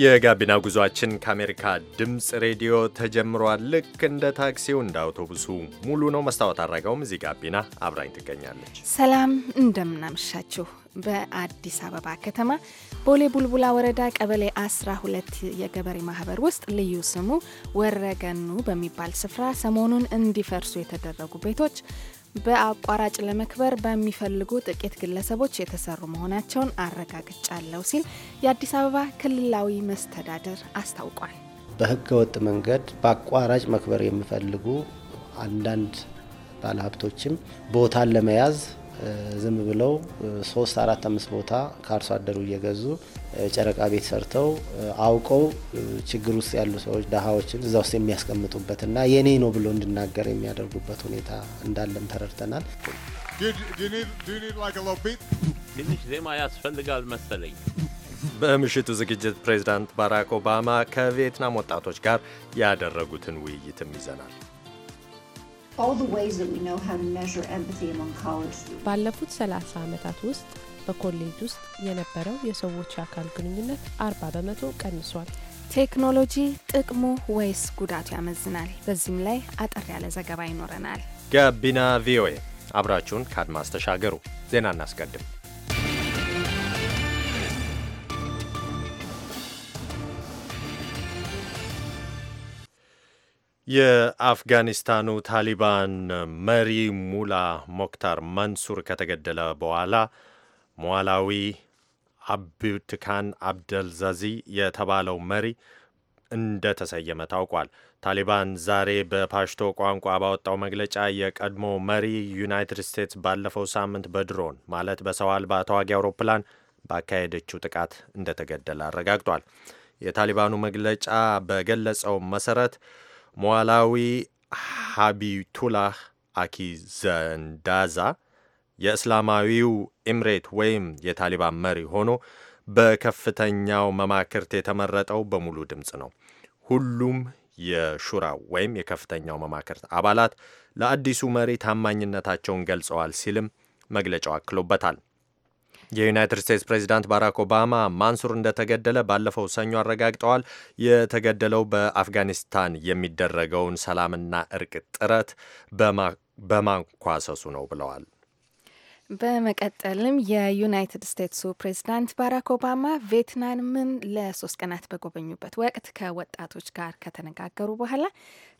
የጋቢና ጉዟችን ከአሜሪካ ድምፅ ሬዲዮ ተጀምሯል። ልክ እንደ ታክሲው እንደ አውቶቡሱ ሙሉ ነው። መስታወት አድረገውም እዚህ ጋቢና አብራኝ ትገኛለች። ሰላም እንደምናመሻችሁ። በአዲስ አበባ ከተማ ቦሌ ቡልቡላ ወረዳ ቀበሌ 12 የገበሬ ማህበር ውስጥ ልዩ ስሙ ወረገኑ በሚባል ስፍራ ሰሞኑን እንዲፈርሱ የተደረጉ ቤቶች በአቋራጭ ለመክበር በሚፈልጉ ጥቂት ግለሰቦች የተሰሩ መሆናቸውን አረጋግጫለሁ ሲል የአዲስ አበባ ክልላዊ መስተዳደር አስታውቋል። በህገወጥ መንገድ በአቋራጭ መክበር የሚፈልጉ አንዳንድ ባለሀብቶችም ቦታን ለመያዝ ዝም ብለው ሶስት አራት አምስት ቦታ ከአርሶ አደሩ እየገዙ ጨረቃ ቤት ሰርተው አውቀው ችግር ውስጥ ያሉ ሰዎች ድሃዎችን እዛ ውስጥ የሚያስቀምጡበት እና የኔ ነው ብሎ እንድናገር የሚያደርጉበት ሁኔታ እንዳለም ተረድተናል። ትንሽ ዜማ ያስፈልጋል መሰለኝ። በምሽቱ ዝግጅት ፕሬዚዳንት ባራክ ኦባማ ከቪየትናም ወጣቶች ጋር ያደረጉትን ውይይትም ይዘናል። ባለፉት 30 ዓመታት ውስጥ በኮሌጅ ውስጥ የነበረው የሰዎች አካል ግንኙነት 40 በመቶ ቀንሷል። ቴክኖሎጂ ጥቅሙ ወይስ ጉዳቱ ያመዝናል? በዚህም ላይ አጠር ያለ ዘገባ ይኖረናል። ጋቢና ቪኦኤ አብራችሁን ከአድማስ ተሻገሩ። ዜና እናስቀድም። የአፍጋኒስታኑ ታሊባን መሪ ሙላ ሞክታር መንሱር ከተገደለ በኋላ ሞላዊ አብድካን አብደልዛዚ የተባለው መሪ እንደተሰየመ ታውቋል። ታሊባን ዛሬ በፓሽቶ ቋንቋ ባወጣው መግለጫ የቀድሞ መሪ ዩናይትድ ስቴትስ ባለፈው ሳምንት በድሮን ማለት በሰው አልባ ተዋጊ አውሮፕላን ባካሄደችው ጥቃት እንደተገደለ አረጋግጧል። የታሊባኑ መግለጫ በገለጸው መሰረት ሞዋላዊ ሀቢቱላህ አኪዘንዳዛ የእስላማዊው ኤምሬት ወይም የታሊባን መሪ ሆኖ በከፍተኛው መማክርት የተመረጠው በሙሉ ድምፅ ነው። ሁሉም የሹራ ወይም የከፍተኛው መማክርት አባላት ለአዲሱ መሪ ታማኝነታቸውን ገልጸዋል ሲልም መግለጫው አክሎበታል። የዩናይትድ ስቴትስ ፕሬዚዳንት ባራክ ኦባማ ማንሱር እንደተገደለ ባለፈው ሰኞ አረጋግጠዋል። የተገደለው በአፍጋኒስታን የሚደረገውን ሰላምና እርቅ ጥረት በማንኳሰሱ ነው ብለዋል። በመቀጠልም የዩናይትድ ስቴትሱ ፕሬዚዳንት ባራክ ኦባማ ቬትናምን ለሶስት ቀናት በጎበኙበት ወቅት ከወጣቶች ጋር ከተነጋገሩ በኋላ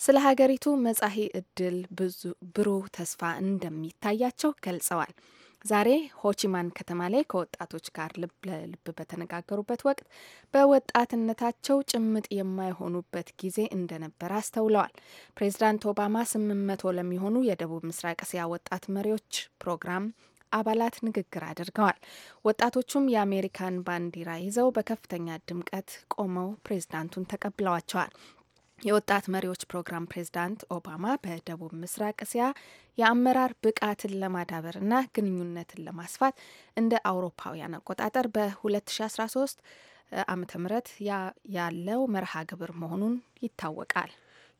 ስለ ሀገሪቱ መጻኢ እድል ብዙ ብሩህ ተስፋ እንደሚታያቸው ገልጸዋል። ዛሬ ሆቺማን ከተማ ላይ ከወጣቶች ጋር ልብ ለልብ በተነጋገሩበት ወቅት በወጣትነታቸው ጭምጥ የማይሆኑበት ጊዜ እንደነበር አስተውለዋል። ፕሬዚዳንት ኦባማ ስምንት መቶ ለሚሆኑ የደቡብ ምስራቅ እስያ ወጣት መሪዎች ፕሮግራም አባላት ንግግር አድርገዋል። ወጣቶቹም የአሜሪካን ባንዲራ ይዘው በከፍተኛ ድምቀት ቆመው ፕሬዝዳንቱን ተቀብለዋቸዋል። የወጣት መሪዎች ፕሮግራም ፕሬዝዳንት ኦባማ በደቡብ ምስራቅ እስያ የአመራር ብቃትን ለማዳበርና ግንኙነትን ለማስፋት እንደ አውሮፓውያን አቆጣጠር በ2013 ዓመተ ምህረት ያለው መርሃ ግብር መሆኑን ይታወቃል።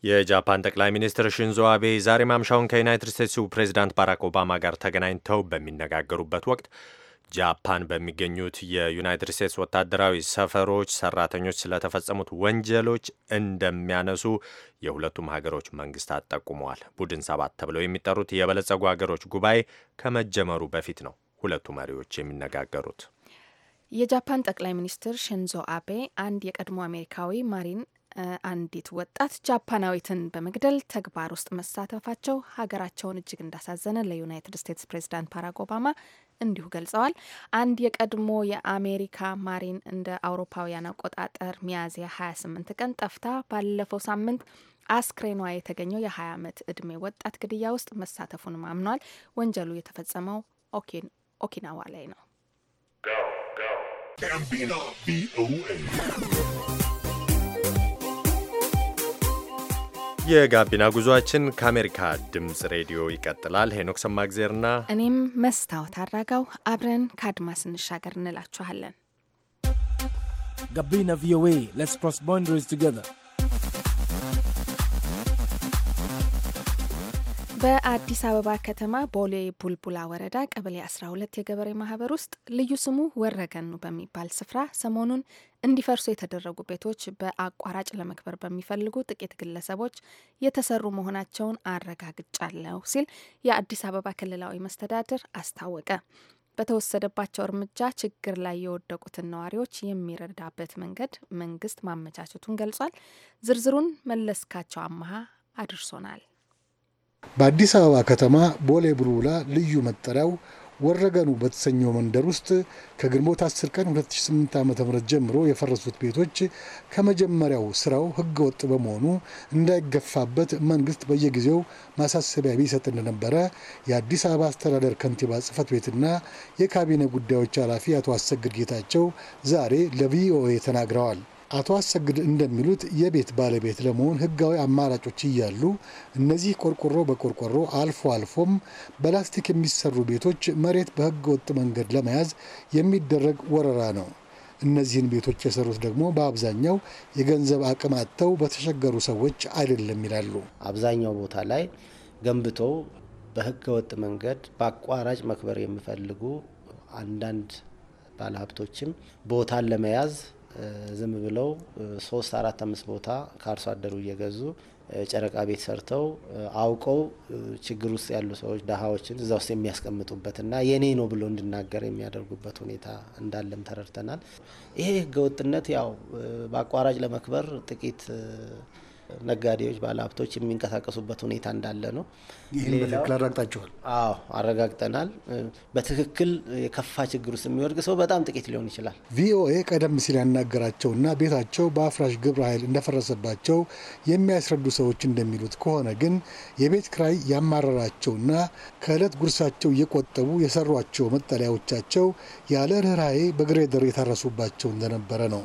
የጃፓን ጠቅላይ ሚኒስትር ሽንዞ አቤ ዛሬ ማምሻውን ከዩናይትድ ስቴትሱ ፕሬዚዳንት ባራክ ኦባማ ጋር ተገናኝተው በሚነጋገሩበት ወቅት ጃፓን በሚገኙት የዩናይትድ ስቴትስ ወታደራዊ ሰፈሮች ሰራተኞች ስለተፈጸሙት ወንጀሎች እንደሚያነሱ የሁለቱም ሀገሮች መንግስታት ጠቁመዋል። ቡድን ሰባት ተብለው የሚጠሩት የበለጸጉ ሀገሮች ጉባኤ ከመጀመሩ በፊት ነው ሁለቱ መሪዎች የሚነጋገሩት። የጃፓን ጠቅላይ ሚኒስትር ሽንዞ አቤ አንድ የቀድሞ አሜሪካዊ ማሪን አንዲት ወጣት ጃፓናዊትን በመግደል ተግባር ውስጥ መሳተፋቸው ሀገራቸውን እጅግ እንዳሳዘነ ለዩናይትድ ስቴትስ ፕሬዚዳንት ባራክ ኦባማ እንዲሁ ገልጸዋል። አንድ የቀድሞ የአሜሪካ ማሪን እንደ አውሮፓውያን አቆጣጠር ሚያዝያ 28 ቀን ጠፍታ ባለፈው ሳምንት አስክሬኗ የተገኘው የ20 ዓመት ዕድሜ ወጣት ግድያ ውስጥ መሳተፉን አምኗል። ወንጀሉ የተፈጸመው ኦኪናዋ ላይ ነው። የጋቢና ጉዟችን ከአሜሪካ ድምፅ ሬዲዮ ይቀጥላል። ሄኖክ ሰማግዜርና እኔም መስታወት አራጋው አብረን ከአድማስ እንሻገር እንላችኋለን። ጋቢና ቪኦኤ ሌትስ ክሮስ ቦንደሪስ ቱጌዘር በአዲስ አበባ ከተማ ቦሌ ቡልቡላ ወረዳ ቀበሌ 12 የገበሬ ማህበር ውስጥ ልዩ ስሙ ወረገኑ በሚባል ስፍራ ሰሞኑን እንዲፈርሱ የተደረጉ ቤቶች በአቋራጭ ለመክበር በሚፈልጉ ጥቂት ግለሰቦች የተሰሩ መሆናቸውን አረጋግጫለሁ ሲል የአዲስ አበባ ክልላዊ መስተዳድር አስታወቀ። በተወሰደባቸው እርምጃ ችግር ላይ የወደቁትን ነዋሪዎች የሚረዳበት መንገድ መንግስት ማመቻቸቱን ገልጿል። ዝርዝሩን መለስካቸው አመሃ አድርሶናል። በአዲስ አበባ ከተማ ቦሌ ቡልቡላ ልዩ መጠሪያው ወረገኑ በተሰኘው መንደር ውስጥ ከግንቦት 10 ቀን 2008 ዓ ም ጀምሮ የፈረሱት ቤቶች ከመጀመሪያው ስራው ህገወጥ በመሆኑ እንዳይገፋበት መንግስት በየጊዜው ማሳሰቢያ ቢሰጥ እንደነበረ የአዲስ አበባ አስተዳደር ከንቲባ ጽህፈት ቤትና የካቢኔ ጉዳዮች ኃላፊ አቶ አሰግድ ጌታቸው ዛሬ ለቪኦኤ ተናግረዋል። አቶ አሰግድ እንደሚሉት የቤት ባለቤት ለመሆን ህጋዊ አማራጮች እያሉ እነዚህ ቆርቆሮ በቆርቆሮ አልፎ አልፎም በላስቲክ የሚሰሩ ቤቶች መሬት በህገ ወጥ መንገድ ለመያዝ የሚደረግ ወረራ ነው። እነዚህን ቤቶች የሰሩት ደግሞ በአብዛኛው የገንዘብ አቅም አጥተው በተቸገሩ ሰዎች አይደለም ይላሉ። አብዛኛው ቦታ ላይ ገንብቶ በህገ ወጥ መንገድ በአቋራጭ መክበር የሚፈልጉ አንዳንድ ባለሀብቶችም ቦታን ለመያዝ ዝም ብለው ሶስት አራት አምስት ቦታ ከአርሶ አደሩ እየገዙ ጨረቃ ቤት ሰርተው አውቀው ችግር ውስጥ ያሉ ሰዎች ድሃዎችን እዛ ውስጥ የሚያስቀምጡበትና የኔ ነው ብሎ እንድናገር የሚያደርጉበት ሁኔታ እንዳለም ተረድተናል። ይሄ ህገወጥነት ያው በአቋራጭ ለመክበር ጥቂት ነጋዴዎች፣ ባለሀብቶች የሚንቀሳቀሱበት ሁኔታ እንዳለ ነው። ይህን በትክክል አረጋግጣችኋል? አዎ አረጋግጠናል። በትክክል የከፋ ችግር ውስጥ የሚወድቅ ሰው በጣም ጥቂት ሊሆን ይችላል። ቪኦኤ ቀደም ሲል ያናገራቸውና ቤታቸው በአፍራሽ ግብረ ኃይል እንደፈረሰባቸው የሚያስረዱ ሰዎች እንደሚሉት ከሆነ ግን የቤት ክራይ ያማረራቸውና ከእለት ጉርሳቸው እየቆጠቡ የሰሯቸው መጠለያዎቻቸው ያለ ርኅራዬ በግሬደር የታረሱባቸው እንደነበረ ነው።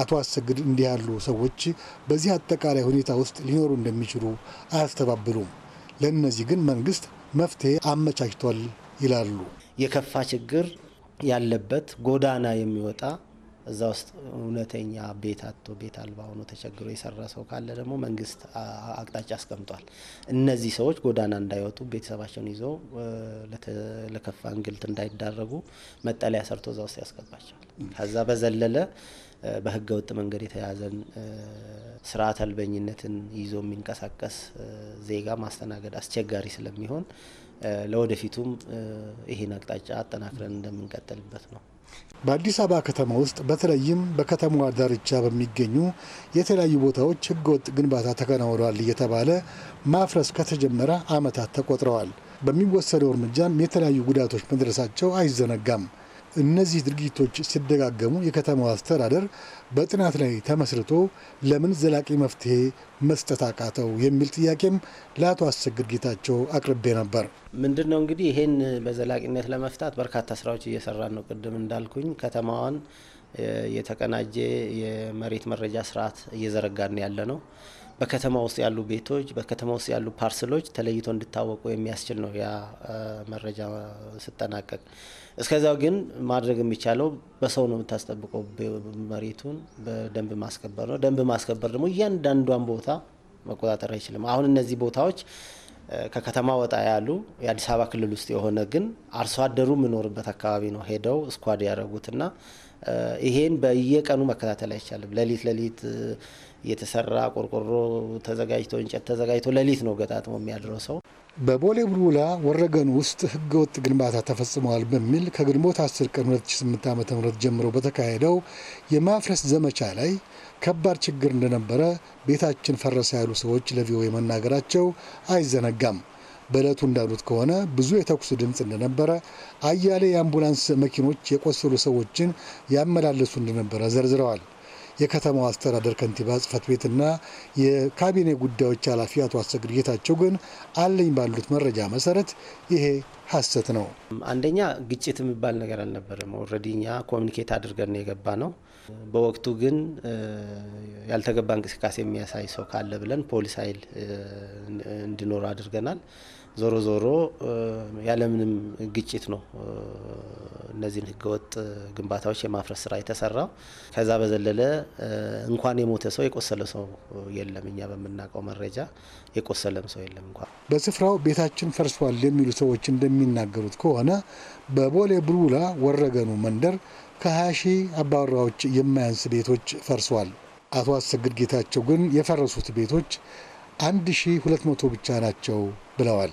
አቶ አሰግድ እንዲህ ያሉ ሰዎች በዚህ አጠቃላይ ሁኔታ ውስጥ ሊኖሩ እንደሚችሉ አያስተባብሉም። ለእነዚህ ግን መንግስት መፍትሄ አመቻችቷል ይላሉ። የከፋ ችግር ያለበት ጎዳና የሚወጣ እዛ ውስጥ እውነተኛ ቤት አቶ ቤት አልባ ሆኖ ተቸግሮ የሰራ ሰው ካለ ደግሞ መንግስት አቅጣጫ አስቀምጧል። እነዚህ ሰዎች ጎዳና እንዳይወጡ፣ ቤተሰባቸውን ይዘው ለከፋ እንግልት እንዳይዳረጉ መጠለያ ሰርቶ እዛ ውስጥ ያስገባቸዋል። ከዛ በዘለለ በህገ ወጥ መንገድ የተያዘን ስርዓት አልበኝነትን ይዞ የሚንቀሳቀስ ዜጋ ማስተናገድ አስቸጋሪ ስለሚሆን ለወደፊቱም ይህን አቅጣጫ አጠናክረን እንደምንቀጥልበት ነው። በአዲስ አበባ ከተማ ውስጥ በተለይም በከተማዋ ዳርቻ በሚገኙ የተለያዩ ቦታዎች ህገወጥ ግንባታ ተከናውኗል እየተባለ ማፍረስ ከተጀመረ ዓመታት ተቆጥረዋል። በሚወሰደው እርምጃም የተለያዩ ጉዳቶች መድረሳቸው አይዘነጋም። እነዚህ ድርጊቶች ሲደጋገሙ የከተማው አስተዳደር በጥናት ላይ ተመስርቶ ለምን ዘላቂ መፍትሄ መስጠት አቃተው የሚል ጥያቄም ለአቶ አስቸግር ጌታቸው አቅርቤ ነበር። ምንድን ነው እንግዲህ ይሄን በዘላቂነት ለመፍታት በርካታ ስራዎች እየሰራን ነው። ቅድም እንዳልኩኝ ከተማዋን የተቀናጀ የመሬት መረጃ ስርዓት እየዘረጋን ያለ ነው። በከተማ ውስጥ ያሉ ቤቶች፣ በከተማ ውስጥ ያሉ ፓርሰሎች ተለይቶ እንዲታወቁ የሚያስችል ነው ያ መረጃ ስጠናቀቅ እስከዚያው ግን ማድረግ የሚቻለው በሰው ነው የምታስጠብቀው፣ መሬቱን በደንብ ማስከበር ነው። ደንብ ማስከበር ደግሞ እያንዳንዷን ቦታ መቆጣጠር አይችልም። አሁን እነዚህ ቦታዎች ከከተማ ወጣ ያሉ የአዲስ አበባ ክልል ውስጥ የሆነ ግን አርሶ አደሩ የሚኖርበት አካባቢ ነው ሄደው ስኳድ ያደረጉትና ይሄን በየቀኑ መከታተል አይቻልም። ሌሊት ሌሊት የተሰራ ቆርቆሮ ተዘጋጅቶ እንጨት ተዘጋጅቶ ሌሊት ነው ገጣጥሞ የሚያድረው ሰው። በቦሌ ቡልቡላ ወረገን ውስጥ ህገወጥ ግንባታ ተፈጽመዋል በሚል ከግንቦት 10 ቀን 2008 ዓ ም ጀምሮ በተካሄደው የማፍረስ ዘመቻ ላይ ከባድ ችግር እንደነበረ ቤታችን ፈረሰ ያሉ ሰዎች ለቪኦኤ መናገራቸው አይዘነጋም። በዕለቱ እንዳሉት ከሆነ ብዙ የተኩስ ድምፅ እንደነበረ፣ አያሌ የአምቡላንስ መኪኖች የቆሰሉ ሰዎችን ያመላለሱ እንደነበረ ዘርዝረዋል። የከተማው አስተዳደር ከንቲባ ጽህፈት ቤትና የካቢኔ ጉዳዮች ኃላፊ አቶ አሰግድ ጌታቸው ግን አለኝ ባሉት መረጃ መሰረት ይሄ ሀሰት ነው። አንደኛ ግጭት የሚባል ነገር አልነበረም። ኦልሬዲ እኛ ኮሚኒኬት አድርገን የገባ ነው። በወቅቱ ግን ያልተገባ እንቅስቃሴ የሚያሳይ ሰው ካለ ብለን ፖሊስ ኃይል እንዲኖር አድርገናል። ዞሮ ዞሮ ያለምንም ግጭት ነው እነዚህን ህገወጥ ግንባታዎች የማፍረስ ስራ የተሰራው። ከዛ በዘለለ እንኳን የሞተ ሰው የቆሰለ ሰው የለም። እኛ በምናውቀው መረጃ የቆሰለም ሰው የለም። እንኳን በስፍራው ቤታችን ፈርሷል የሚሉ ሰዎች እንደሚናገሩት ከሆነ በቦሌ ቡሉላ ወረገኑ መንደር ከ20 ሺህ አባወራዎች የማያንስ ቤቶች ፈርሷል። አቶ አሰግድ ጌታቸው ግን የፈረሱት ቤቶች 1200 ብቻ ናቸው ብለዋል።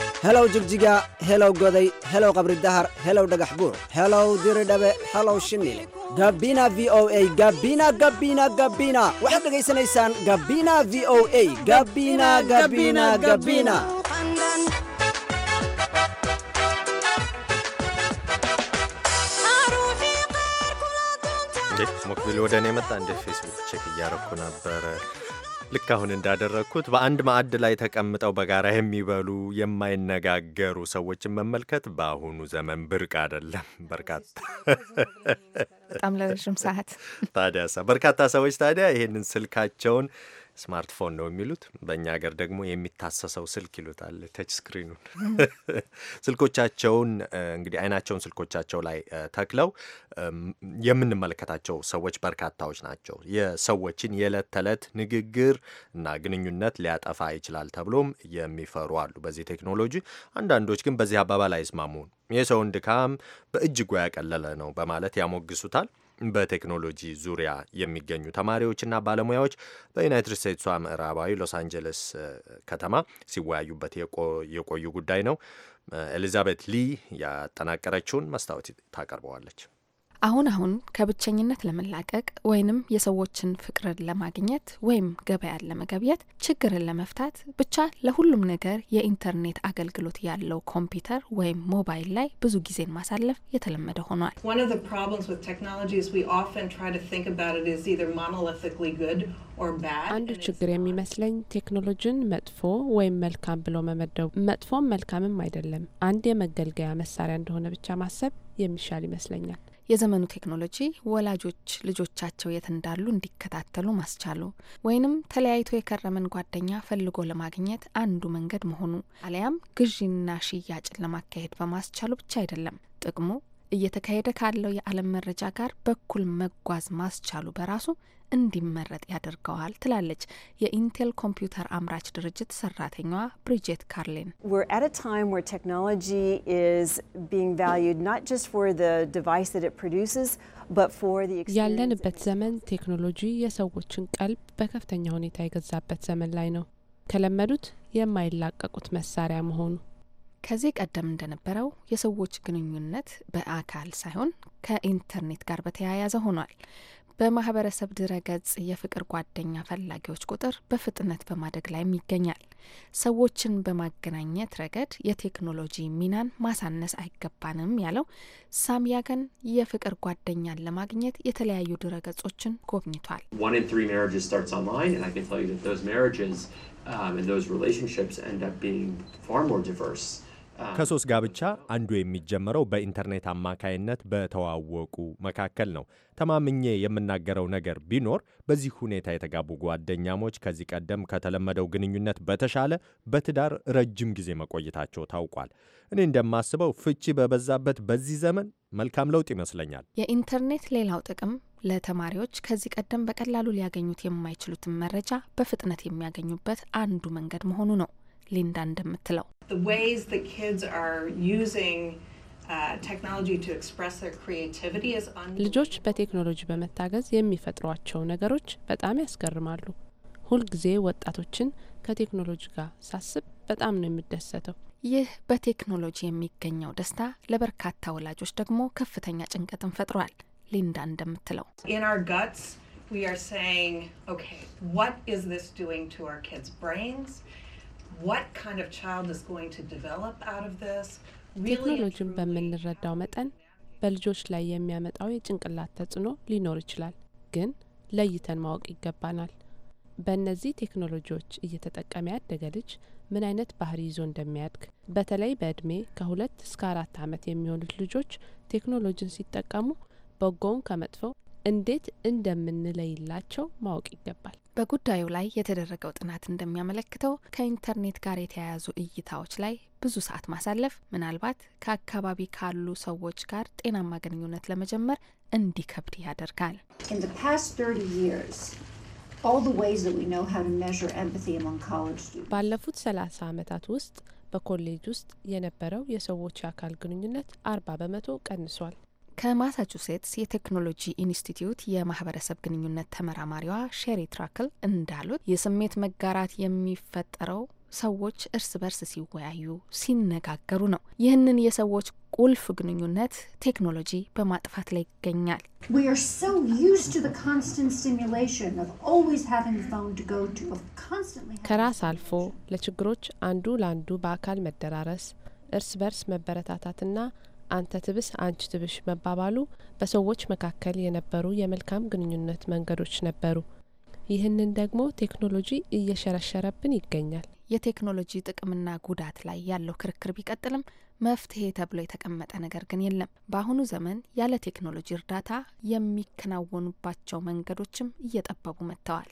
helow jigjiga helow goday helow qabri dahar helow dhagax buur helow diridhabe helow shimil gabina v o a gabina gabina gabina waxaad dhegaysanaysaan gabina v o a gabina gabina gabina ሞክቢል ወደ እኔ መጣ እንደ ፌስቡክ ቼክ እያረኩ ነበረ ልክ አሁን እንዳደረግኩት በአንድ ማዕድ ላይ ተቀምጠው በጋራ የሚበሉ የማይነጋገሩ ሰዎችን መመልከት በአሁኑ ዘመን ብርቅ አይደለም። በርካታ በጣም ለረዥም ሰዓት ታዲያ በርካታ ሰዎች ታዲያ ይህንን ስልካቸውን ስማርትፎን ነው የሚሉት። በእኛ ሀገር ደግሞ የሚታሰሰው ስልክ ይሉታል። ተች ስክሪኑን ስልኮቻቸውን እንግዲህ አይናቸውን ስልኮቻቸው ላይ ተክለው የምንመለከታቸው ሰዎች በርካታዎች ናቸው። የሰዎችን የዕለት ተዕለት ንግግር እና ግንኙነት ሊያጠፋ ይችላል ተብሎም የሚፈሩ አሉ በዚህ ቴክኖሎጂ። አንዳንዶች ግን በዚህ አባባል አይስማሙ የሰውን ድካም በእጅጉ ያቀለለ ነው በማለት ያሞግሱታል። በቴክኖሎጂ ዙሪያ የሚገኙ ተማሪዎችና ባለሙያዎች በዩናይትድ ስቴትሷ ምዕራባዊ ሎስ አንጀለስ ከተማ ሲወያዩበት የቆዩ ጉዳይ ነው። ኤሊዛቤት ሊ ያጠናቀረችውን መስታወት ታቀርበዋለች። አሁን አሁን ከብቸኝነት ለመላቀቅ ወይንም የሰዎችን ፍቅርን ለማግኘት ወይም ገበያን ለመገብየት ችግርን ለመፍታት ብቻ ለሁሉም ነገር የኢንተርኔት አገልግሎት ያለው ኮምፒውተር ወይም ሞባይል ላይ ብዙ ጊዜን ማሳለፍ የተለመደ ሆኗል። አንዱ ችግር የሚመስለኝ ቴክኖሎጂን መጥፎ ወይም መልካም ብሎ መመደቡ መጥፎም መልካምም አይደለም፣ አንድ የመገልገያ መሳሪያ እንደሆነ ብቻ ማሰብ የሚሻል ይመስለኛል። የዘመኑ ቴክኖሎጂ ወላጆች ልጆቻቸው የት እንዳሉ እንዲከታተሉ ማስቻሉ ወይንም ተለያይቶ የከረመን ጓደኛ ፈልጎ ለማግኘት አንዱ መንገድ መሆኑ አሊያም ግዢና ሽያጭን ለማካሄድ በማስቻሉ ብቻ አይደለም። ጥቅሙ እየተካሄደ ካለው የዓለም መረጃ ጋር በኩል መጓዝ ማስቻሉ በራሱ እንዲመረጥ ያደርገዋል ትላለች የኢንቴል ኮምፒውተር አምራች ድርጅት ሰራተኛዋ ብሪጄት ካርሊን። ያለንበት ዘመን ቴክኖሎጂ የሰዎችን ቀልብ በከፍተኛ ሁኔታ የገዛበት ዘመን ላይ ነው። ከለመዱት የማይላቀቁት መሳሪያ መሆኑ ከዚህ ቀደም እንደነበረው የሰዎች ግንኙነት በአካል ሳይሆን ከኢንተርኔት ጋር በተያያዘ ሆኗል። በማህበረሰብ ድረገጽ የፍቅር ጓደኛ ፈላጊዎች ቁጥር በፍጥነት በማደግ ላይም ይገኛል። ሰዎችን በማገናኘት ረገድ የቴክኖሎጂ ሚናን ማሳነስ አይገባንም ያለው ሳም የፍቅር ጓደኛን ለማግኘት የተለያዩ ድረገጾችን ጎብኝቷል። ከሶስት ጋብቻ አንዱ የሚጀመረው በኢንተርኔት አማካይነት በተዋወቁ መካከል ነው። ተማምኜ የምናገረው ነገር ቢኖር በዚህ ሁኔታ የተጋቡ ጓደኛሞች ከዚህ ቀደም ከተለመደው ግንኙነት በተሻለ በትዳር ረጅም ጊዜ መቆየታቸው ታውቋል። እኔ እንደማስበው ፍቺ በበዛበት በዚህ ዘመን መልካም ለውጥ ይመስለኛል። የኢንተርኔት ሌላው ጥቅም ለተማሪዎች ከዚህ ቀደም በቀላሉ ሊያገኙት የማይችሉትን መረጃ በፍጥነት የሚያገኙበት አንዱ መንገድ መሆኑ ነው። ሊንዳ እንደምትለው uh, ልጆች በቴክኖሎጂ በመታገዝ የሚፈጥሯቸው ነገሮች በጣም ያስገርማሉ። ሁልጊዜ ወጣቶችን ከቴክኖሎጂ ጋር ሳስብ በጣም ነው የምደሰተው። ይህ በቴክኖሎጂ የሚገኘው ደስታ ለበርካታ ወላጆች ደግሞ ከፍተኛ ጭንቀትን ፈጥሯል። ሊንዳ እንደምትለው ቴክኖሎጂን በምንረዳው መጠን በልጆች ላይ የሚያመጣው የጭንቅላት ተጽዕኖ ሊኖር ይችላል፣ ግን ለይተን ማወቅ ይገባናል። በእነዚህ ቴክኖሎጂዎች እየተጠቀመ ያደገ ልጅ ምን አይነት ባህሪ ይዞ እንደሚያድግ በተለይ በእድሜ ከሁለት እስከ አራት ዓመት የሚሆኑት ልጆች ቴክኖሎጂን ሲጠቀሙ በጎውን ከመጥፎው እንዴት እንደምንለይላቸው ማወቅ ይገባል። በጉዳዩ ላይ የተደረገው ጥናት እንደሚያመለክተው ከኢንተርኔት ጋር የተያያዙ እይታዎች ላይ ብዙ ሰዓት ማሳለፍ ምናልባት ከአካባቢ ካሉ ሰዎች ጋር ጤናማ ግንኙነት ለመጀመር እንዲከብድ ያደርጋል። ባለፉት ሰላሳ ዓመታት ውስጥ በኮሌጅ ውስጥ የነበረው የሰዎች የአካል ግንኙነት አርባ በመቶ ቀንሷል። ከማሳቹሴትስ የቴክኖሎጂ ኢንስቲትዩት የማህበረሰብ ግንኙነት ተመራማሪዋ ሼሪ ትራክል እንዳሉት የስሜት መጋራት የሚፈጠረው ሰዎች እርስ በርስ ሲወያዩ፣ ሲነጋገሩ ነው። ይህንን የሰዎች ቁልፍ ግንኙነት ቴክኖሎጂ በማጥፋት ላይ ይገኛል። ከራስ አልፎ ለችግሮች አንዱ ለአንዱ በአካል መደራረስ፣ እርስ በርስ መበረታታትና አንተ ትብስ አንቺ ትብሽ መባባሉ በሰዎች መካከል የነበሩ የመልካም ግንኙነት መንገዶች ነበሩ። ይህንን ደግሞ ቴክኖሎጂ እየሸረሸረብን ይገኛል። የቴክኖሎጂ ጥቅምና ጉዳት ላይ ያለው ክርክር ቢቀጥልም መፍትሄ ተብሎ የተቀመጠ ነገር ግን የለም። በአሁኑ ዘመን ያለ ቴክኖሎጂ እርዳታ የሚከናወኑባቸው መንገዶችም እየጠበቡ መጥተዋል።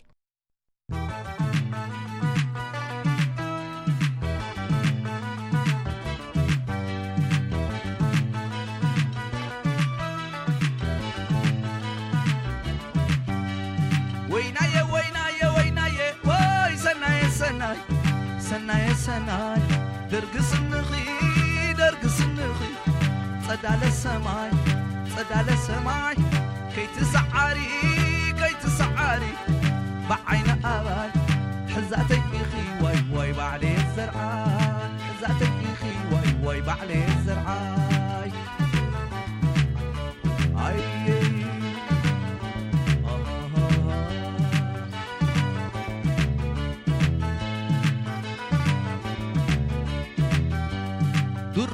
ሰናየ ሰናይ ደርጊ ስንኺ ደርጊ ስንኺ ጸዳለ ሰማይ ጸዳለ ሰማይ ከይትሰዓሪ ከይትሰዓሪ ብዓይነ ኣባይ ሕዛተይ ኢኺ ወይ ወይ ባዕለየ ዘርዓይ ሕዛተይ ኢኺ ወይ ወይ ባዕለየ ዘርዓይ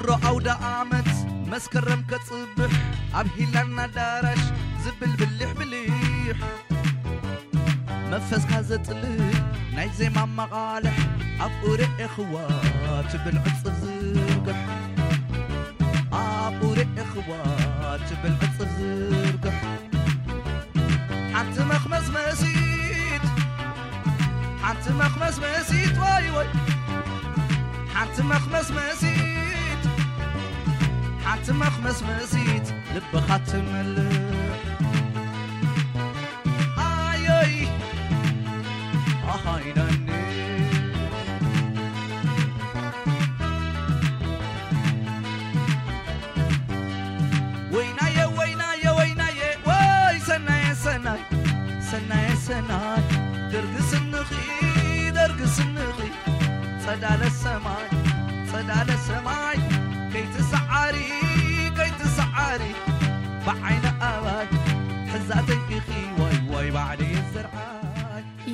ر عود عمت مسكرم كتصبح عم هيلنا دارش زبل بليح بليح مفس كازت لي ناي زي ما مقالح أبور إخوات بالعطس زرقة أبور إخوات بالعطس زرقة حتى مخمس مسيت حتى مخمس مسيت واي واي حتى مخمس مسيت ሓንቲ መኽመስ መእሲት ልብኻ ትምልእ ኣየይ ኣኻይደኒ ወይናየ ወይናየ ወይናየ ወይ ሰናየ ሰናይ ሰናየ ሰናይ ደርግ ስንኺ ደርግ ስንኺ ጸዳለ ሰማይ ጸዳለ ሰማይ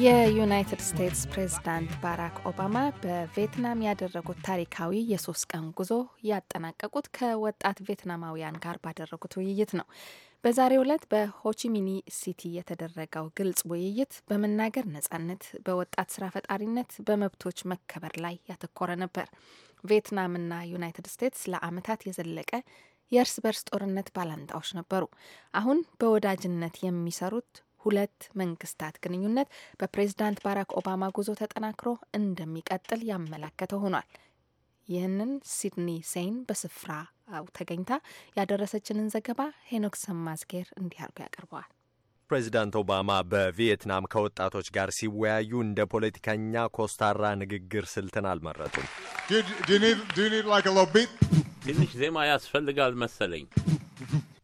የዩናይትድ ስቴትስ ፕሬዝዳንት ባራክ ኦባማ በቪየትናም ያደረጉት ታሪካዊ የሶስት ቀን ጉዞ ያጠናቀቁት ከወጣት ቬትናማውያን ጋር ባደረጉት ውይይት ነው። በዛሬው ዕለት በሆቺሚኒ ሲቲ የተደረገው ግልጽ ውይይት በመናገር ነጻነት፣ በወጣት ስራ ፈጣሪነት፣ በመብቶች መከበር ላይ ያተኮረ ነበር። ቬትናምና ዩናይትድ ስቴትስ ለዓመታት የዘለቀ የእርስ በርስ ጦርነት ባላንጣዎች ነበሩ። አሁን በወዳጅነት የሚሰሩት ሁለት መንግስታት ግንኙነት በፕሬዝዳንት ባራክ ኦባማ ጉዞ ተጠናክሮ እንደሚቀጥል ያመላከተ ሆኗል። ይህንን ሲድኒ ሴይን በስፍራው ተገኝታ ያደረሰችንን ዘገባ ሄኖክ ሰማዝጌር እንዲህ አርጎ ያቀርበዋል። ፕሬዚዳንት ኦባማ በቪየትናም ከወጣቶች ጋር ሲወያዩ እንደ ፖለቲከኛ ኮስታራ ንግግር ስልትን አልመረጡም። ትንሽ ዜማ ያስፈልጋል መሰለኝ።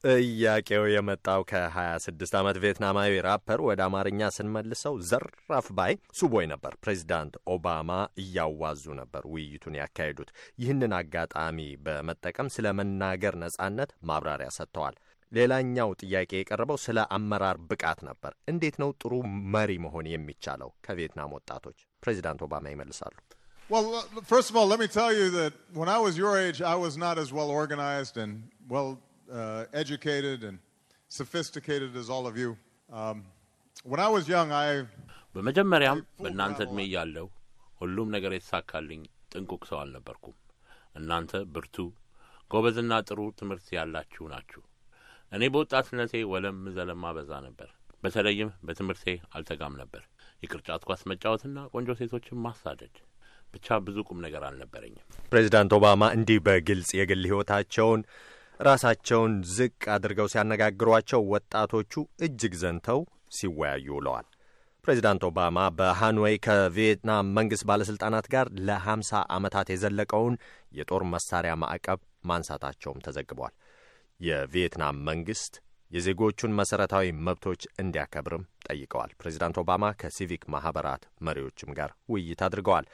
ጥያቄው የመጣው ከ26 ዓመት ቪየትናማዊ ራፐር ወደ አማርኛ ስንመልሰው ዘራፍ ባይ ሱቦይ ነበር። ፕሬዚዳንት ኦባማ እያዋዙ ነበር ውይይቱን ያካሄዱት። ይህንን አጋጣሚ በመጠቀም ስለ መናገር ነጻነት ማብራሪያ ሰጥተዋል። ሌላኛው ጥያቄ የቀረበው ስለ አመራር ብቃት ነበር። እንዴት ነው ጥሩ መሪ መሆን የሚቻለው? ከቪየትናም ወጣቶች ፕሬዚዳንት ኦባማ ይመልሳሉ። Well, first of all, let me tell you that when I was your age, I was not as well organized and well uh, educated and sophisticated as all of you. Um, when I was young, I በመጀመሪያም በእናንተ እድሜ እያለሁ ሁሉም ነገር የተሳካልኝ ጥንቁቅ ሰው አልነበርኩም። እናንተ ብርቱ፣ ጎበዝና ጥሩ ትምህርት ያላችሁ ናችሁ። እኔ በወጣትነቴ ወለም ዘለማ በዛ ነበር። በተለይም በትምህርቴ አልተጋም ነበር። የቅርጫት ኳስ መጫወትና ቆንጆ ሴቶችን ማሳደድ ብቻ ብዙ ቁም ነገር አልነበረኝም። ፕሬዚዳንት ኦባማ እንዲህ በግልጽ የግል ህይወታቸውን ራሳቸውን ዝቅ አድርገው ሲያነጋግሯቸው ወጣቶቹ እጅግ ዘንተው ሲወያዩ ውለዋል። ፕሬዚዳንት ኦባማ በሃኖይ ከቪየትናም መንግሥት ባለሥልጣናት ጋር ለ50 ዓመታት የዘለቀውን የጦር መሳሪያ ማዕቀብ ማንሳታቸውም ተዘግቧል። የቪየትናም መንግሥት የዜጎቹን መሠረታዊ መብቶች እንዲያከብርም ጠይቀዋል። ፕሬዚዳንት ኦባማ ከሲቪክ ማኅበራት መሪዎችም ጋር ውይይት አድርገዋል።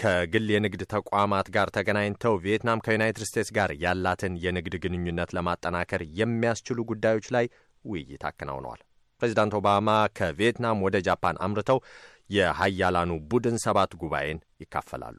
ከግል የንግድ ተቋማት ጋር ተገናኝተው ቪየትናም ከዩናይትድ ስቴትስ ጋር ያላትን የንግድ ግንኙነት ለማጠናከር የሚያስችሉ ጉዳዮች ላይ ውይይት አከናውነዋል። ፕሬዚዳንት ኦባማ ከቪየትናም ወደ ጃፓን አምርተው የሀያላኑ ቡድን ሰባት ጉባኤን ይካፈላሉ።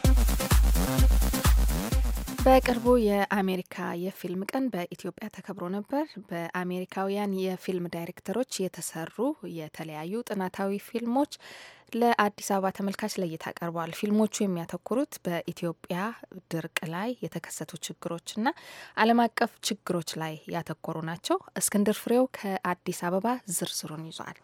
በቅርቡ የአሜሪካ የፊልም ቀን በኢትዮጵያ ተከብሮ ነበር። በአሜሪካውያን የፊልም ዳይሬክተሮች የተሰሩ የተለያዩ ጥናታዊ ፊልሞች ለአዲስ አበባ ተመልካች ለእይታ ቀርበዋል። ፊልሞቹ የሚያተኩሩት በኢትዮጵያ ድርቅ ላይ የተከሰቱ ችግሮችና ዓለም አቀፍ ችግሮች ላይ ያተኮሩ ናቸው። እስክንድር ፍሬው ከአዲስ አበባ ዝርዝሩን ይዟል።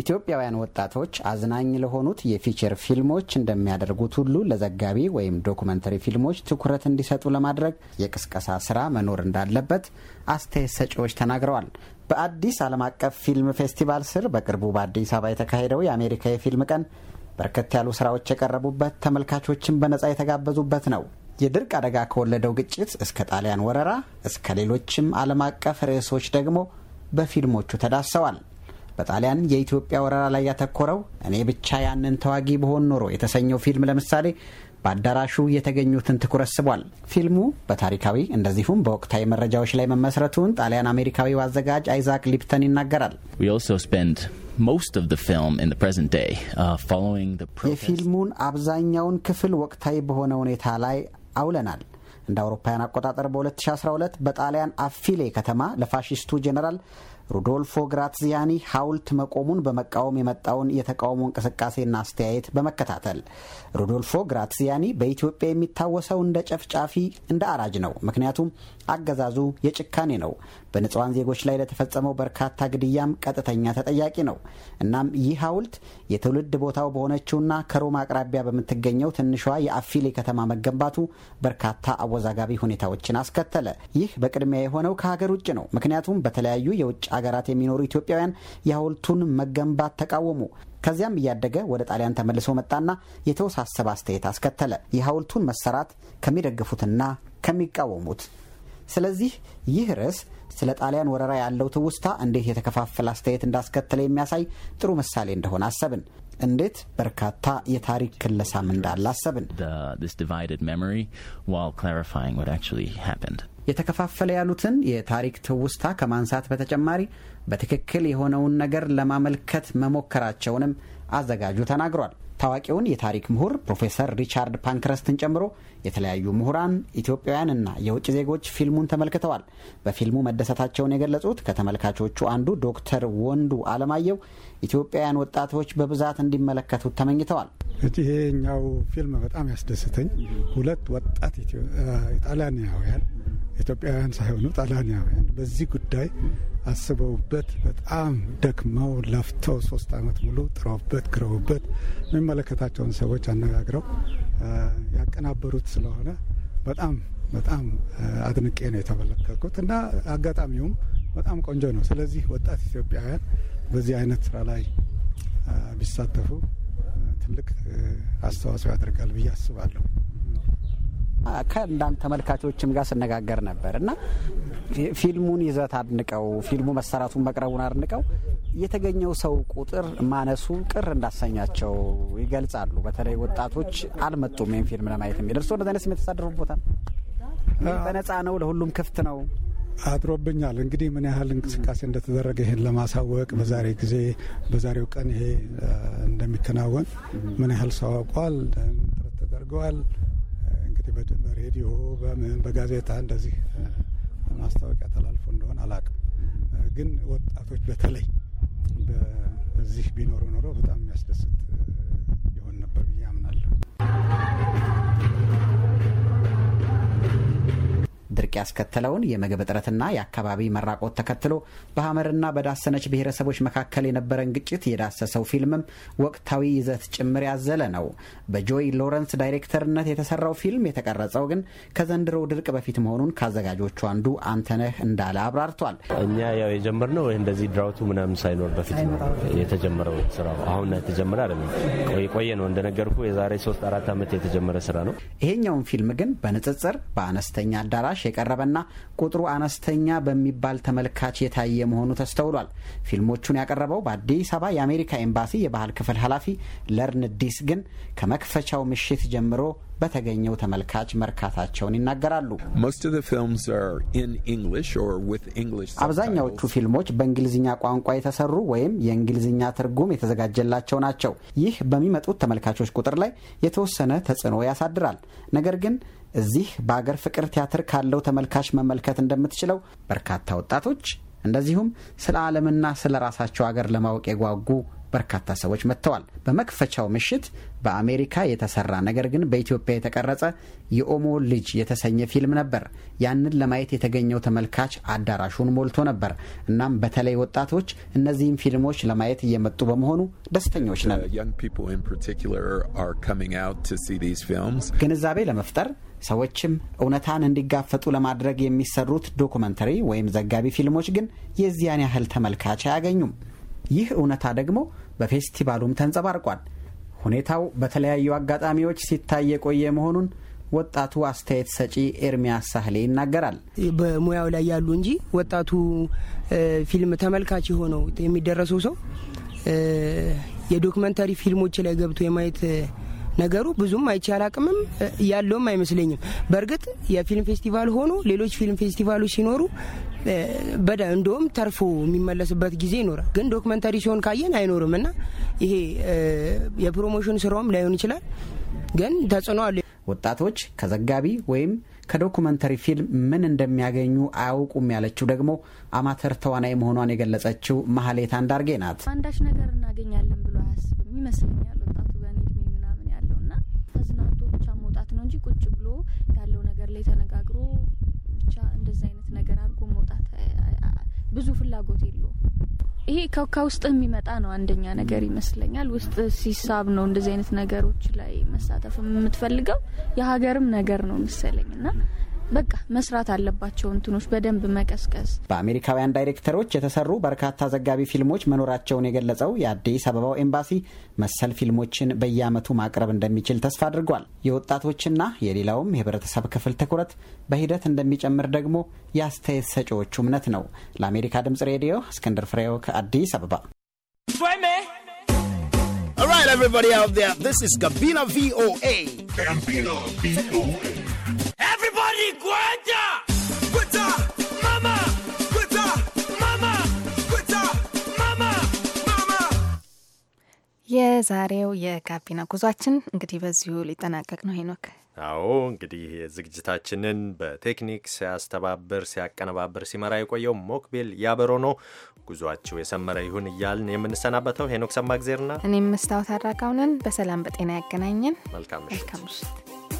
ኢትዮጵያውያን ወጣቶች አዝናኝ ለሆኑት የፊቸር ፊልሞች እንደሚያደርጉት ሁሉ ለዘጋቢ ወይም ዶኩመንተሪ ፊልሞች ትኩረት እንዲሰጡ ለማድረግ የቅስቀሳ ስራ መኖር እንዳለበት አስተያየት ሰጪዎች ተናግረዋል። በአዲስ ዓለም አቀፍ ፊልም ፌስቲቫል ስር በቅርቡ በአዲስ አበባ የተካሄደው የአሜሪካ የፊልም ቀን በርከት ያሉ ስራዎች የቀረቡበት፣ ተመልካቾችን በነጻ የተጋበዙበት ነው። የድርቅ አደጋ ከወለደው ግጭት እስከ ጣሊያን ወረራ እስከ ሌሎችም ዓለም አቀፍ ርዕሶች ደግሞ በፊልሞቹ ተዳሰዋል። በጣሊያን የኢትዮጵያ ወረራ ላይ ያተኮረው እኔ ብቻ ያንን ተዋጊ በሆን ኖሮ የተሰኘው ፊልም ለምሳሌ በአዳራሹ የተገኙትን ትኩረት ስቧል። ፊልሙ በታሪካዊ እንደዚሁም በወቅታዊ መረጃዎች ላይ መመስረቱን ጣሊያን አሜሪካዊው አዘጋጅ አይዛክ ሊፕተን ይናገራል። uh, የፊልሙን አብዛኛውን ክፍል ወቅታዊ በሆነ ሁኔታ ላይ አውለናል። እንደ አውሮፓውያን አቆጣጠር በ2012 በጣሊያን አፊሌ ከተማ ለፋሺስቱ ጄኔራል ሩዶልፎ ግራትዚያኒ ሐውልት መቆሙን በመቃወም የመጣውን የተቃውሞ እንቅስቃሴና አስተያየት በመከታተል ሩዶልፎ ግራትዚያኒ በኢትዮጵያ የሚታወሰው እንደ ጨፍጫፊ፣ እንደ አራጅ ነው። ምክንያቱም አገዛዙ የጭካኔ ነው በንጹሐን ዜጎች ላይ ለተፈጸመው በርካታ ግድያም ቀጥተኛ ተጠያቂ ነው። እናም ይህ ሐውልት የትውልድ ቦታው በሆነችውና ከሮማ አቅራቢያ በምትገኘው ትንሿ የአፊሌ ከተማ መገንባቱ በርካታ አወዛጋቢ ሁኔታዎችን አስከተለ። ይህ በቅድሚያ የሆነው ከሀገር ውጭ ነው። ምክንያቱም በተለያዩ የውጭ ሀገራት የሚኖሩ ኢትዮጵያውያን የሐውልቱን መገንባት ተቃወሙ። ከዚያም እያደገ ወደ ጣሊያን ተመልሶ መጣና የተወሳሰበ አስተያየት አስከተለ። የሐውልቱን መሰራት ከሚደግፉትና ከሚቃወሙት ስለዚህ ይህ ርዕስ ስለ ጣሊያን ወረራ ያለው ትውስታ እንዴት የተከፋፈለ አስተያየት እንዳስከተለ የሚያሳይ ጥሩ ምሳሌ እንደሆነ አሰብን። እንዴት በርካታ የታሪክ ክለሳም እንዳለ አሰብን። የተከፋፈለ ያሉትን የታሪክ ትውስታ ከማንሳት በተጨማሪ በትክክል የሆነውን ነገር ለማመልከት መሞከራቸውንም አዘጋጁ ተናግሯል። ታዋቂውን የታሪክ ምሁር ፕሮፌሰር ሪቻርድ ፓንክረስትን ጨምሮ የተለያዩ ምሁራን ኢትዮጵያውያንና የውጭ ዜጎች ፊልሙን ተመልክተዋል። በፊልሙ መደሰታቸውን የገለጹት ከተመልካቾቹ አንዱ ዶክተር ወንዱ አለማየሁ ኢትዮጵያውያን ወጣቶች በብዛት እንዲመለከቱት ተመኝተዋል። ይሄኛው ፊልም በጣም ያስደስተኝ ሁለት ወጣት ጣሊያናውያን ኢትዮጵያውያን ሳይሆኑ ጣሊያናውያን በዚህ ጉዳይ አስበውበት በጣም ደክመው ለፍተው ሶስት አመት ሙሉ ጥረውበት ግረውበት የሚመለከታቸውን ሰዎች አነጋግረው ያቀናበሩት ስለሆነ በጣም በጣም አድንቄ ነው የተመለከትኩት እና አጋጣሚውም በጣም ቆንጆ ነው። ስለዚህ ወጣት ኢትዮጵያውያን በዚህ አይነት ስራ ላይ ቢሳተፉ ትልቅ አስተዋጽኦ ያደርጋል ብዬ አስባለሁ። ከእንዳንድ ተመልካቾችም ጋር ስነጋገር ነበር እና ፊልሙን ይዘት አድንቀው ፊልሙ መሰራቱን መቅረቡን አድንቀው የተገኘው ሰው ቁጥር ማነሱ ቅር እንዳሰኛቸው ይገልጻሉ። በተለይ ወጣቶች አልመጡም ይህን ፊልም ለማየት የሚል እርስዎ እንደዚህ አይነት ስሜት የተሳደሩ ቦታ በነጻ ነው፣ ለሁሉም ክፍት ነው አድሮብኛል። እንግዲህ ምን ያህል እንቅስቃሴ እንደተደረገ ይህን ለማሳወቅ በዛሬ ጊዜ በዛሬው ቀን ይሄ እንደሚከናወን ምን ያህል ሰው አውቋል፣ ጥረት ተደርገዋል። እንግዲህ በሬዲዮ በምን በጋዜጣ እንደዚህ ማስታወቂያ ተላልፎ እንደሆነ አላቅም ግን ወጣቶች በተለይ በዚህ ቢኖሩ ኖሮ በጣም የሚያስደስት ድርቅ ያስከተለውን የምግብ እጥረትና የአካባቢ መራቆት ተከትሎ በሐመርና በዳሰነች ብሔረሰቦች መካከል የነበረን ግጭት የዳሰሰው ፊልምም ወቅታዊ ይዘት ጭምር ያዘለ ነው። በጆይ ሎረንስ ዳይሬክተርነት የተሰራው ፊልም የተቀረጸው ግን ከዘንድሮው ድርቅ በፊት መሆኑን ከአዘጋጆቹ አንዱ አንተነህ እንዳለ አብራርቷል። እኛ ያው የጀመርነው እንደዚህ ድራውቱ ምናምን ሳይኖር በፊት ነው የተጀመረው ስራው። አሁን የተጀመረ አይደለም፣ የቆየ ነው። እንደነገርኩ የዛሬ ሶስት አራት ዓመት የተጀመረ ስራ ነው። ይሄኛውን ፊልም ግን በንጽጽር በአነስተኛ አዳራሽ የቀረበ የቀረበና ቁጥሩ አነስተኛ በሚባል ተመልካች የታየ መሆኑ ተስተውሏል። ፊልሞቹን ያቀረበው በአዲስ አበባ የአሜሪካ ኤምባሲ የባህል ክፍል ኃላፊ ለርን ዲስ ግን ከመክፈቻው ምሽት ጀምሮ በተገኘው ተመልካች መርካታቸውን ይናገራሉ። አብዛኛዎቹ ፊልሞች በእንግሊዝኛ ቋንቋ የተሰሩ ወይም የእንግሊዝኛ ትርጉም የተዘጋጀላቸው ናቸው። ይህ በሚመጡት ተመልካቾች ቁጥር ላይ የተወሰነ ተጽዕኖ ያሳድራል። ነገር ግን እዚህ በአገር ፍቅር ቲያትር ካለው ተመልካች መመልከት እንደምትችለው በርካታ ወጣቶች እንደዚሁም ስለ ዓለምና ስለ ራሳቸው አገር ለማወቅ የጓጉ በርካታ ሰዎች መጥተዋል። በመክፈቻው ምሽት በአሜሪካ የተሰራ ነገር ግን በኢትዮጵያ የተቀረጸ የኦሞ ልጅ የተሰኘ ፊልም ነበር። ያንን ለማየት የተገኘው ተመልካች አዳራሹን ሞልቶ ነበር። እናም በተለይ ወጣቶች እነዚህም ፊልሞች ለማየት እየመጡ በመሆኑ ደስተኞች ነን። ግንዛቤ ለመፍጠር ሰዎችም እውነታን እንዲጋፈጡ ለማድረግ የሚሰሩት ዶኩመንተሪ ወይም ዘጋቢ ፊልሞች ግን የዚያን ያህል ተመልካች አያገኙም። ይህ እውነታ ደግሞ በፌስቲቫሉም ተንጸባርቋል። ሁኔታው በተለያዩ አጋጣሚዎች ሲታይ የቆየ መሆኑን ወጣቱ አስተያየት ሰጪ ኤርሚያስ ሳህሌ ይናገራል። በሙያው ላይ ያሉ እንጂ ወጣቱ ፊልም ተመልካች የሆነው የሚደረሰው ሰው የዶክመንታሪ ፊልሞች ላይ ገብቶ የማየት ነገሩ ብዙም አይቻል አቅምም ያለውም አይመስለኝም። በእርግጥ የፊልም ፌስቲቫል ሆኖ ሌሎች ፊልም ፌስቲቫሎች ሲኖሩ በደ እንደውም ተርፎ የሚመለስበት ጊዜ ይኖራል። ግን ዶክመንተሪ ሲሆን ካየን አይኖርም እና ይሄ የፕሮሞሽን ስራውም ላይሆን ይችላል። ግን ተጽዕኖ አለ። ወጣቶች ከዘጋቢ ወይም ከዶኩመንተሪ ፊልም ምን እንደሚያገኙ አያውቁም ያለችው ደግሞ አማተር ተዋናይ መሆኗን የገለጸችው ማህሌት አንዳርጌ ናት። አንዳች ነገር እናገኛለን ብሎ አያስብም ይመስለኛል ወጣቱ ብዙ ፍላጎት የለውም። ይሄ ከውስጥ የሚመጣ ነው። አንደኛ ነገር ይመስለኛል ውስጥ ሲሳብ ነው እንደዚህ አይነት ነገሮች ላይ መሳተፍ የምትፈልገው የሀገርም ነገር ነው መሰለኝ እና በቃ መስራት አለባቸው እንትኖች በደንብ መቀስቀስ። በአሜሪካውያን ዳይሬክተሮች የተሰሩ በርካታ ዘጋቢ ፊልሞች መኖራቸውን የገለጸው የአዲስ አበባው ኤምባሲ መሰል ፊልሞችን በየዓመቱ ማቅረብ እንደሚችል ተስፋ አድርጓል። የወጣቶችና የሌላውም የህብረተሰብ ክፍል ትኩረት በሂደት እንደሚጨምር ደግሞ የአስተያየት ሰጪዎቹ እምነት ነው። ለአሜሪካ ድምጽ ሬዲዮ እስክንድር ፍሬው ከአዲስ አበባ። All right, everybody out there, this is Gabina VOA. Gabina VOA. የዛሬው የጋቢና ጉዟችን እንግዲህ በዚሁ ሊጠናቀቅ ነው ሄኖክ። አዎ እንግዲህ ዝግጅታችንን በቴክኒክ ሲያስተባብር፣ ሲያቀነባብር፣ ሲመራ የቆየው ሞክቤል ያበሮ ነው። ጉዟችሁ የሰመረ ይሁን እያልን የምንሰናበተው ሄኖክ ሰማግዜርና እኔም መስታወት አድራጋውነን በሰላም በጤና ያገናኘን። መልካም ምሽት።